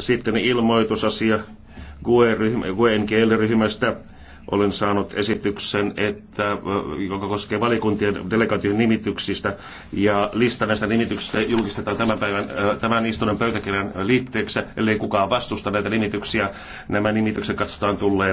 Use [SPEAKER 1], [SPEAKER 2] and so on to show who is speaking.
[SPEAKER 1] Sitten ilmoitusasia GUE-NGL-ryhmästä. Olen saanut esityksen, että, joka koskee valikuntien delegaation nimityksistä, ja lista näistä nimityksistä julkistetaan tämän, päivän, tämän istunnon pöytäkirjan liitteeksi, ellei kukaan vastusta näitä nimityksiä. Nämä nimitykset katsotaan tulleen